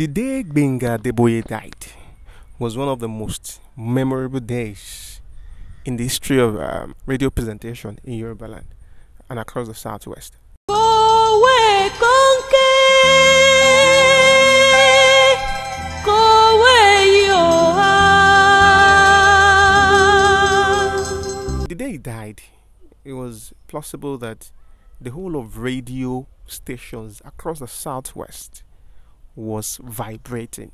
The day Benga Deboye died was one of the most memorable days in the history of um, radio presentation in Yoruba land and across the southwest. The day he died, it was possible that the whole of radio stations across the southwest was vibrating.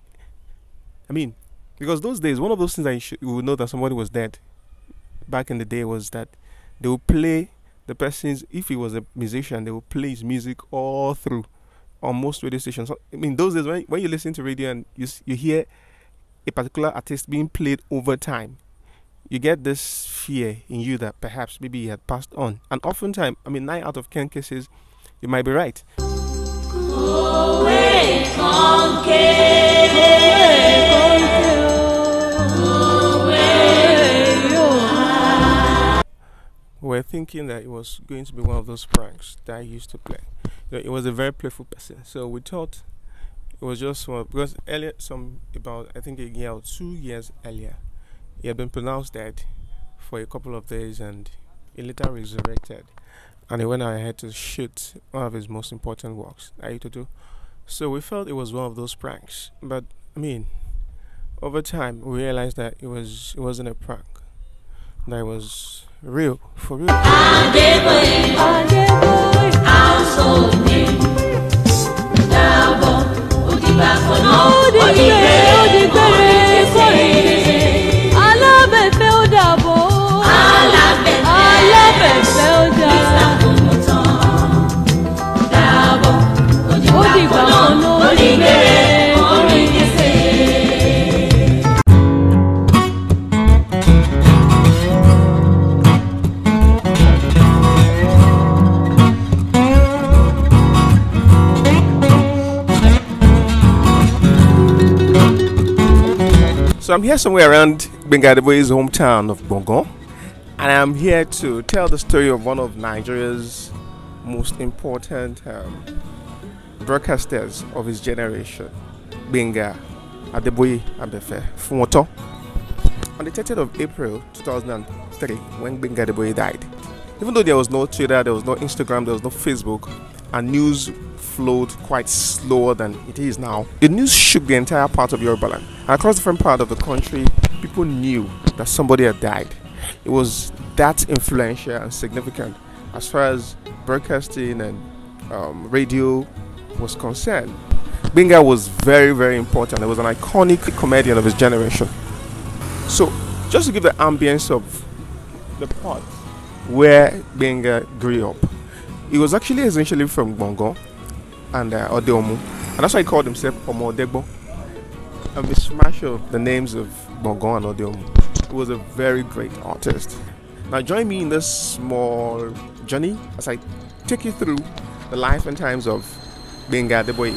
I mean, because those days, one of those things that you, should, you would know that somebody was dead back in the day was that they would play the person's, if he was a musician, they would play his music all through on most radio stations. So, I mean, those days, when, when you listen to radio and you, you hear a particular artist being played over time, you get this fear in you that perhaps maybe he had passed on. And oftentimes, I mean, nine out of ten cases, you might be right were thinking that it was going to be one of those pranks that I used to play. You know, it was a very playful person, so we thought it was just one because earlier, some about I think a year or two years earlier, he had been pronounced dead for a couple of days, and he later resurrected and he went ahead to shoot one of his most important works, to do. So we felt it was one of those pranks, but I mean, over time we realized that it was it wasn't a prank, that it was real for real. I'm here somewhere around Bengadewe's hometown of Bongon, and I'm here to tell the story of one of Nigeria's most important um, broadcasters of his generation, Benga Adeboye Abefe Fumoto. On the 30th of April 2003, when Benga Adeboye died, even though there was no Twitter, there was no Instagram, there was no Facebook, and news flowed quite slower than it is now. The news shook the entire part of Yorubaland. And across different part of the country, people knew that somebody had died. It was that influential and significant as far as broadcasting and um, radio was concerned. Binga was very, very important. He was an iconic comedian of his generation. So, just to give the ambience of the part where Binga grew up. He was actually essentially from Bongo and uh, Odeomu, and that's why he called himself Omo Odegbo. And we of the names of Bongo and Odeomu. He was a very great artist. Now join me in this small journey as I take you through the life and times of Benga Adeboye.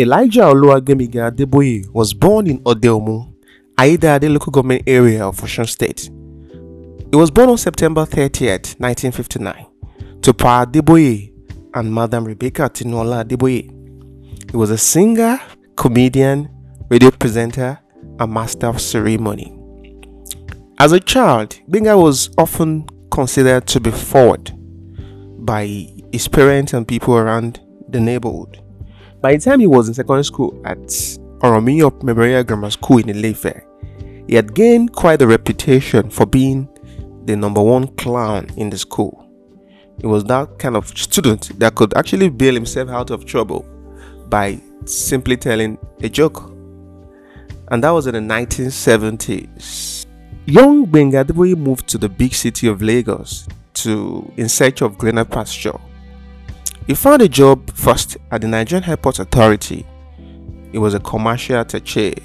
Elijah Oluwagemiga Adeboye was born in Aida the local government area of Osun State. He was born on September 30th, 1959, to Pa Adeboye and Madam Rebecca Tinola Adeboye. He was a singer, comedian, radio presenter, and master of ceremony. As a child, Binga was often considered to be forward by his parents and people around the neighborhood. By the time he was in secondary school at Oromiyo Memorial Grammar School in Ilefe, he had gained quite a reputation for being the number one clown in the school. He was that kind of student that could actually bail himself out of trouble by simply telling a joke. And that was in the 1970s. Young Benga moved to the big city of Lagos to in search of greener pasture. He found a job first at the Nigerian Airport Authority. He was a commercial attaché,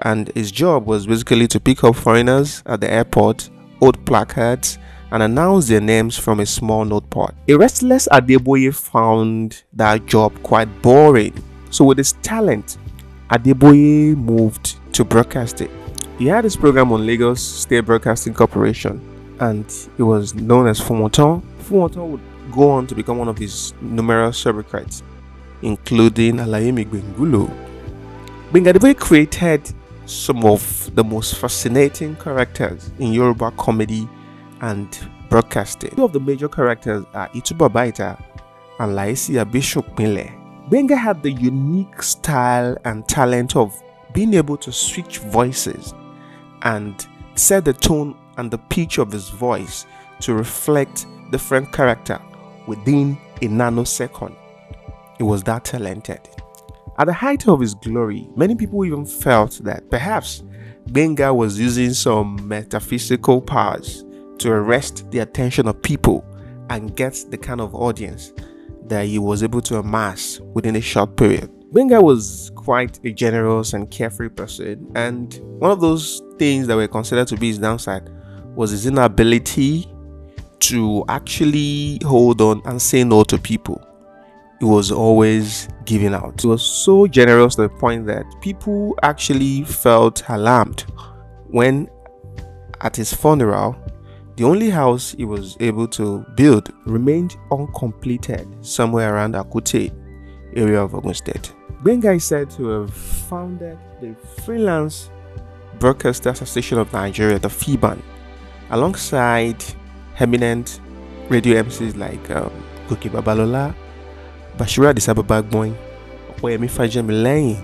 and his job was basically to pick up foreigners at the airport, hold placards, and announce their names from a small notepad. A restless Adeboye found that job quite boring, so with his talent, Adeboye moved to broadcasting. He had his program on Lagos State Broadcasting Corporation, and it was known as Fumoton. Fumoton would go on to become one of his numerous sobriquets, including Alayemi Bengulo. Bengadeboye created some of the most fascinating characters in Yoruba comedy and broadcasting. Two of the major characters are Ituba Baita and Laisi Abishokpinle. Benga had the unique style and talent of being able to switch voices and set the tone and the pitch of his voice to reflect different character within a nanosecond. he was that talented. At the height of his glory, many people even felt that perhaps Benga was using some metaphysical powers to arrest the attention of people and get the kind of audience that he was able to amass within a short period. Benga was quite a generous and carefree person, and one of those things that were considered to be his downside was his inability to actually hold on and say no to people. He was always giving out. He was so generous to the point that people actually felt alarmed when, at his funeral, the only house he was able to build remained uncompleted somewhere around Akute area of Ogun State. Benga is said to have founded the Freelance Broadcaster Association of Nigeria, the FIBAN, alongside eminent radio MCs like um, Goki Babalola, Bashira Disababa Gbọ́n, Ọ̀pẹ̀yẹmí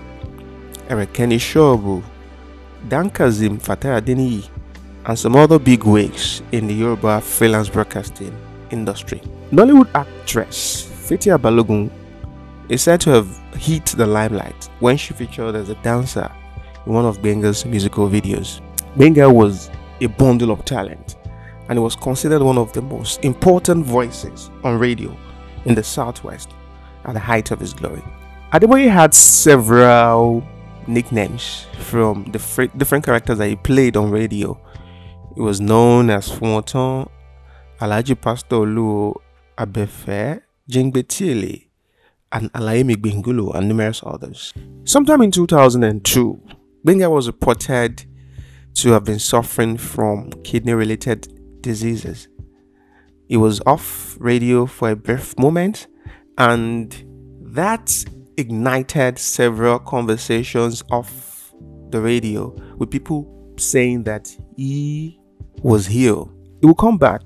Eric Ẹ̀rẹ̀kẹ́ni Shobu, Dan Kazim Fatai Adeniyi, and some other big wigs in the Yoruba freelance broadcasting industry. Nollywood actress Fatia Balogun is said to have hit the limelight when she featured as a dancer in one of Benga's musical videos. Benga was a bundle of talent and he was considered one of the most important voices on radio in the Southwest at the height of his glory. Adeboye had several nicknames from the different characters that he played on radio. He was known as Fumoton, Alaji Pastor Oluo Abefe, Jingbe and Alaimi Bingulu, and numerous others. Sometime in 2002, Benga was reported to have been suffering from kidney related diseases. He was off radio for a brief moment, and that ignited several conversations off the radio with people saying that he was healed. He will come back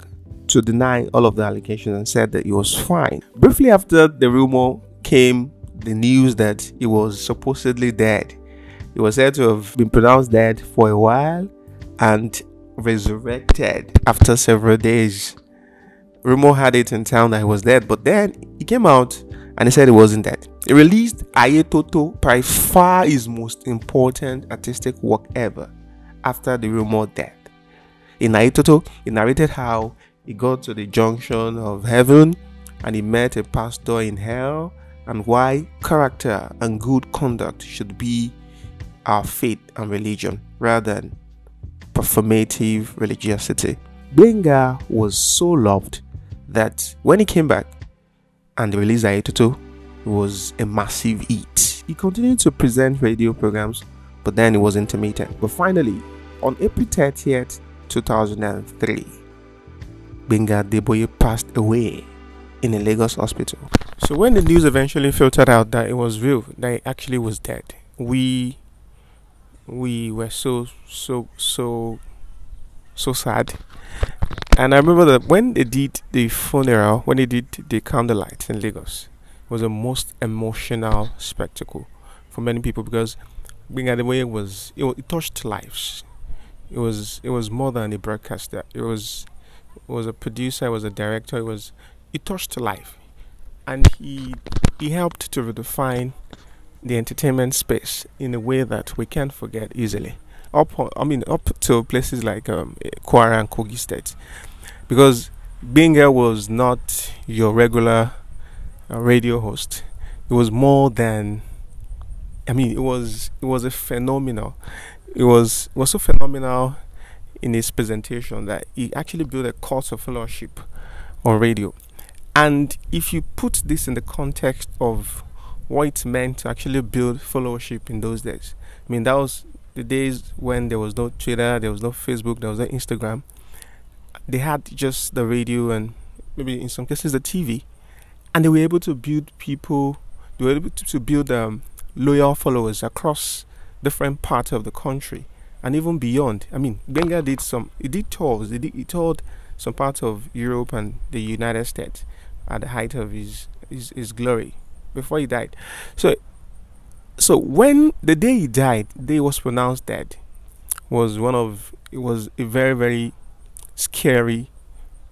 to deny all of the allegations and said that he was fine. Briefly after the rumor came the news that he was supposedly dead. He was said to have been pronounced dead for a while, and resurrected after several days. Rumor had it in town that he was dead, but then he came out and he said he wasn't dead. He released Ayetoto, by far his most important artistic work ever, after the rumored death. In Ayetoto, he narrated how he got to the junction of heaven and he met a pastor in hell and why character and good conduct should be our faith and religion rather than performative religiosity. Benga was so loved that when he came back and released it was a massive hit. He continued to present radio programs, but then it was intermittent. But finally, on April 30th, 2003, Benga Deboye passed away in a Lagos hospital. So when the news eventually filtered out that it was real, that he actually was dead, we we were so so so so sad. And I remember that when they did the funeral, when they did the candlelight in Lagos, it was the most emotional spectacle for many people because being at the way it was it, it touched lives. It was it was more than a broadcaster. It was it was a producer. It was a director. It was it touched life, and he he helped to redefine the entertainment space in a way that we can't forget easily. Up, I mean, up to places like um, Kwara and Kogi State, because Binga was not your regular uh, radio host. It was more than, I mean, it was it was a phenomenal. It was it was so phenomenal in his presentation that he actually built a course of fellowship on radio. And if you put this in the context of what it meant to actually build followership in those days. I mean, that was the days when there was no Twitter, there was no Facebook, there was no Instagram. They had just the radio and maybe in some cases the TV, and they were able to build people. They were able to, to build um, loyal followers across different parts of the country and even beyond. I mean, Benga did some. He did tours. He, did, toured some parts of Europe and the United States at the height of his his, his glory before he died. So, so when the day he died, day was pronounced dead, was one of it was a very very scary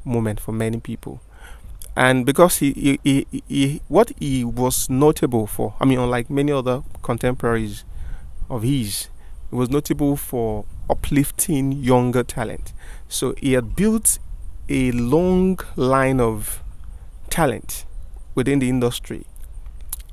moment for many people, and because he, he, he, he what he was notable for, I mean, unlike many other contemporaries of his, he was notable for uplifting younger talent. So he had built a long line of talent within the industry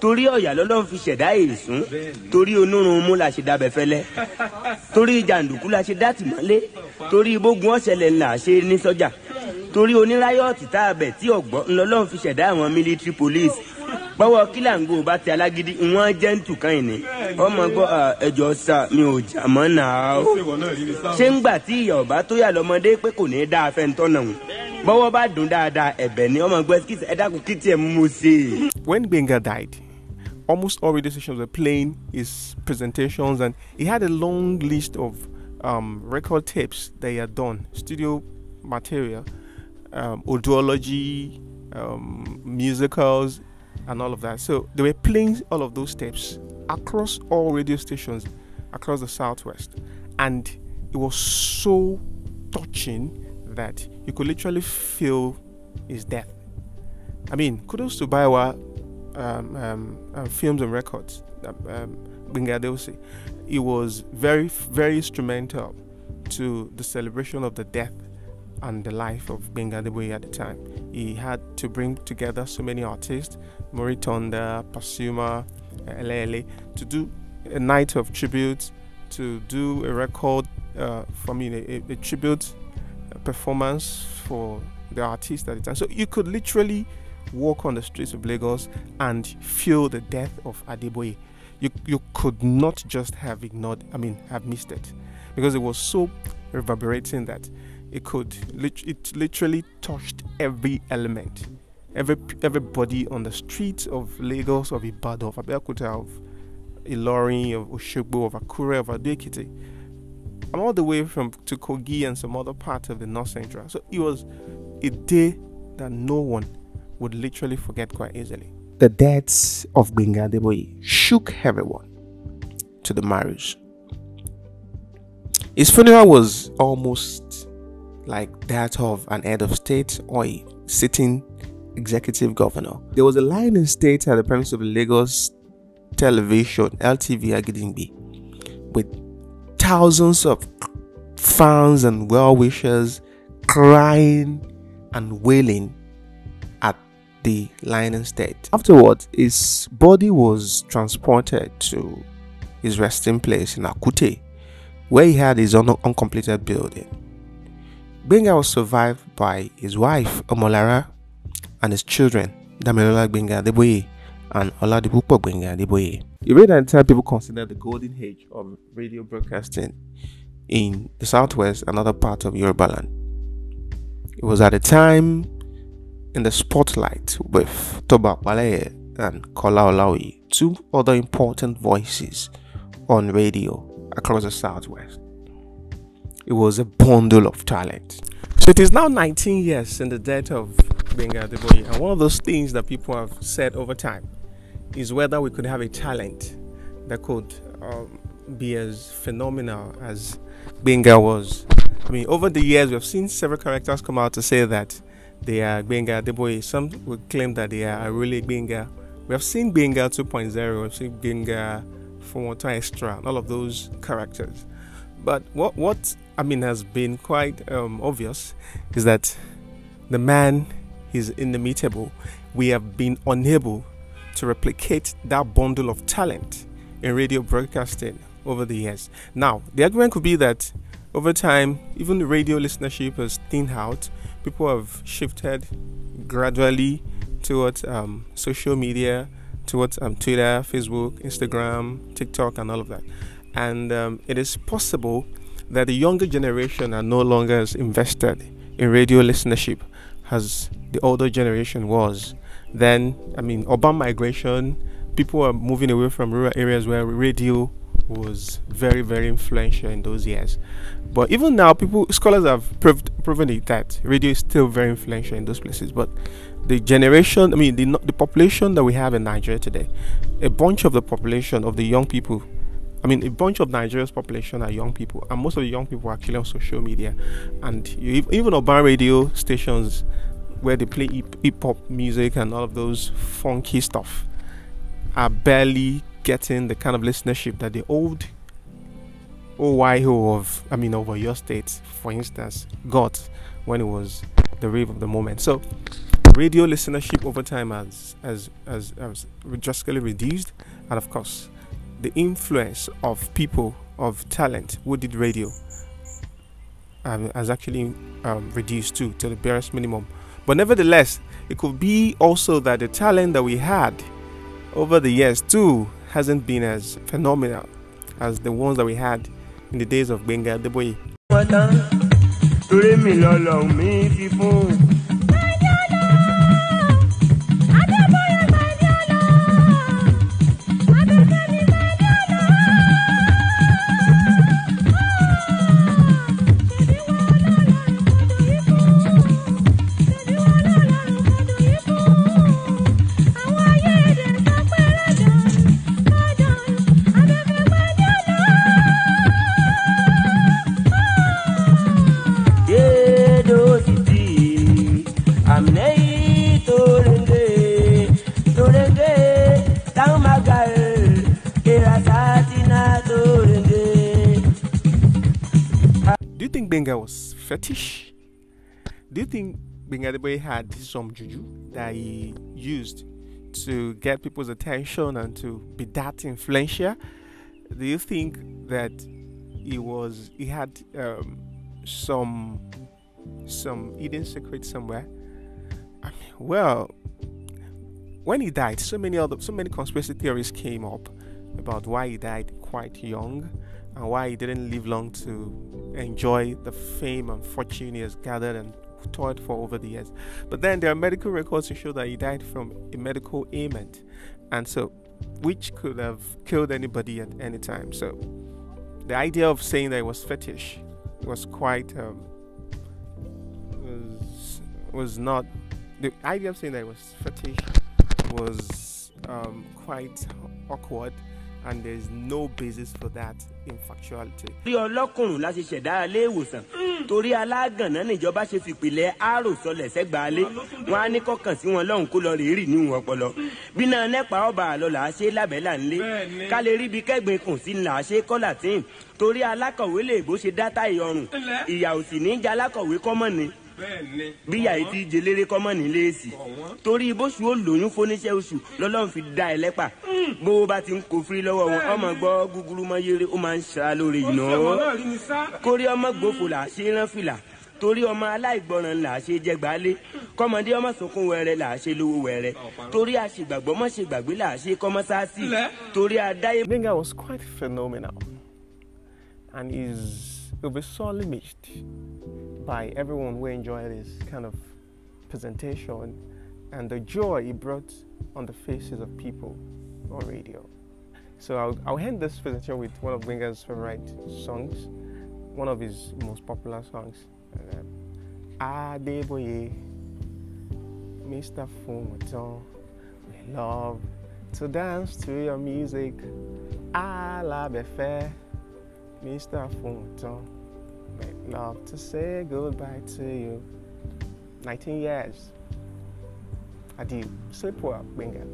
torí ọ̀yà lọ́lọ́run fi ṣẹ̀dá èsún torí onírunmú la ṣe dábẹ́ fẹ́lẹ́ torí jàǹdùkú la ṣe dá tìmọ́lé torí bógun ọ̀ṣẹ̀lẹ̀ là ṣe ní sọ́jà torí oníráyọ̀tì tá a bẹ̀ tí ọ̀gbọ́n lọ́lọ́run fi ṣẹ̀dá àwọn military police pọ́wọ́ kílàǹgò bá ti alágídí wọ́n jẹ́ ń tùkàn ìní ọmọ gbọ́ ẹjọ́ sá mi ò jà mọ́ nàá o ṣé ń gbà tí ìyá ọ̀bá tó yà lọ́mọdé pé kò ní í dá afẹ́ntọ́nà wọn. When Benga died, almost all radio stations were playing his presentations, and he had a long list of um, record tapes that he had done, studio material, um, audiology, um, musicals, and all of that. So they were playing all of those tapes across all radio stations across the southwest, and it was so touching that you could literally feel his death. I mean, kudos to Baiwa um, um, um Films and Records, um, um Bingadosi. It was very, very instrumental to the celebration of the death and the life of Bengadeboye at the time. He had to bring together so many artists, Moritonda, Pasuma, uh, Elele, to do a night of tributes, to do a record, uh, for me, a, a tribute performance for the artist at the time. So you could literally walk on the streets of Lagos and feel the death of Adeboye. You, you could not just have ignored, I mean, have missed it because it was so reverberating that it could, it literally touched every element. Every, everybody on the streets of Lagos, of Ibadan, of Abeokuta, of Ilorin, of Oshogbo, of Akure, of Adekite I'm all the way from to Kogi and some other part of the North Central. So it was a day that no one would literally forget quite easily. The deaths of Benga Deboye shook everyone to the marriage. His funeral was almost like that of an head of state or a sitting executive governor. There was a line in state at the premises of Lagos Television, LTV Agidingbi, with thousands of fans and well wishers crying and wailing at the lion's death. Afterwards, his body was transported to his resting place in Akute, where he had his own uncompleted building. Benga was survived by his wife, Omolara, and his children, Damilola Benga boy and Oladipo Gbenga Adeboye. The radio and time people consider the golden age of radio broadcasting in the southwest and other parts of Yorubaland. It was at a time in the spotlight with Toba Baleye and Kola Olawi, two other important voices on radio across the southwest. It was a bundle of talent. So it is now 19 years since the death of Benga Adeboye, and one of those things that people have said over time is whether we could have a talent that could um, be as phenomenal as Benga was. I mean, over the years, we've seen several characters come out to say that they are Benga Deboye. Some would claim that they are really Benga. We have seen Benga 2.0, we've seen Benga from Water Extra, and all of those characters. But what, what I mean has been quite um, obvious is that the man is inimitable. We have been unable to replicate that bundle of talent in radio broadcasting over the years. Now, the argument could be that over time, even the radio listenership has thinned out. People have shifted gradually towards um, social media, towards um, Twitter, Facebook, Instagram, TikTok, and all of that. And um, it is possible that the younger generation are no longer as invested in radio listenership as the older generation was. Then, I mean, urban migration, people are moving away from rural areas where radio was very, very influential in those years. But even now, people, scholars have proved, proven it that radio is still very influential in those places. But the generation, I mean, the, the population that we have in Nigeria today, a bunch of the population of the young people I mean, a bunch of Nigeria's population are young people, and most of the young people are actually on social media. And you, even urban radio stations where they play hip hop music and all of those funky stuff are barely getting the kind of listenership that the old OYO of, I mean, over your state, for instance, got when it was the rave of the moment. So, radio listenership over time has, has, has, has drastically reduced, and of course, the influence of people of talent who did radio um, has actually um, reduced too to the barest minimum but nevertheless, it could be also that the talent that we had over the years too hasn't been as phenomenal as the ones that we had in the days of Benga Deboye. Benga was fetish? Do you think Benga the boy had some juju that he used to get people's attention and to be that influential? Do you think that he was he had um, some some hidden secret somewhere? I mean, well, when he died, so many other so many conspiracy theories came up about why he died quite young and why he didn't live long to enjoy the fame and fortune he has gathered and toiled for over the years. But then there are medical records to show that he died from a medical ailment, and so which could have killed anybody at any time. So the idea of saying that it was fetish was quite um, was was not the idea of saying that it was fetish was um, quite awkward and there is no basis for that in factuality. torí ọlọ́kùnrùn la ṣe ṣẹ̀dá ilé ìwòsàn hmm. torí alágànná níjọba ṣe fìpìlẹ̀ àrò sọlẹ̀ sẹ́gbàálé wọn á ní kọ́kàn sí wọn lọ́hùn kó lọ rè rì níhùn ọpọlọ hmm. bí náà nẹ́pà ọba àlọ́là ṣe lábẹ́là ńlẹ̀ ká lè rí ibi kẹ́gbìn kùn sí ńlá ṣe kọ́là tíì torí alákọ̀wé lè bó ṣe dátà ìyọrùn ìyà òsì ní í jẹ́ alákọ̀wé kọ́mọ̀ ni bíyà yìí ti kọ́mọ̀ nílé èsì torí bóṣù ó lóyún fóníṣẹ́ oṣù lọ́lọ́run fi da ẹlẹ́pà hmm. bó bá ti ń kó lọ́wọ́ wọn ọmọ gbọ́ gúgúrú mọ́ yéré ó máa ń ṣara lórí iná kórí ọmọ gbòfò là ṣe rán fìlà torí ọmọ aláìgbọràn là ṣe jẹ gbálé kọmọdé ọmọ sunkún wẹrẹ là ṣe lówó wẹrẹ torí àṣegbàgbọ́ mọ́ ṣègbàgbé là ṣe kọ́mọ́sáàsì torí adáyé. Gbenga was quite phenomenal and he's of a solemn age. by everyone who enjoyed this kind of presentation and the joy it brought on the faces of people on radio. So I'll, I'll end this presentation with one of Winger's favorite songs, one of his most popular songs. Uh, Adeboye, Mr. Fumaton, we love to dance to your music. Alabefe, Mr. Fumaton i love to say goodbye to you. 19 years. Adieu. Sleep well, Bingham.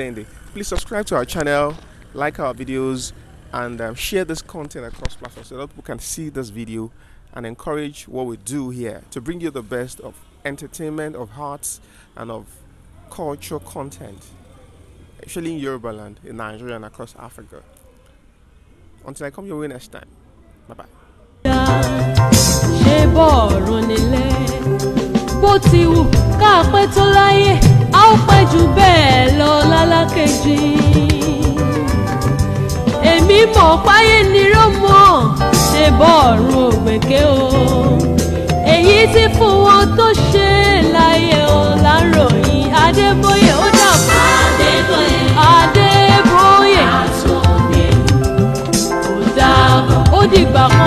Adende. Please subscribe to our channel, like our videos, and um, share this content across platforms so that people can see this video and encourage what we do here to bring you the best of entertainment, of hearts, and of culture content, especially in Yoruba land, in Nigeria, and across Africa. Until I come your way next time. Bye bye. bó ti wù ká pẹ́ tó láyé. ó pẹ́ jù bẹ́ẹ̀ lọ lálákejì èmi mọ̀ páyé níró mọ̀ ṣe bọ́ọ̀rùn ògbèké o èyí tí fún wọn tó ṣe láyé o láròyìn adébóyè ó dàbọ̀ adébóyè adébóyè àtúnbẹ̀ ó dàbọ̀ ó dìgbà kan.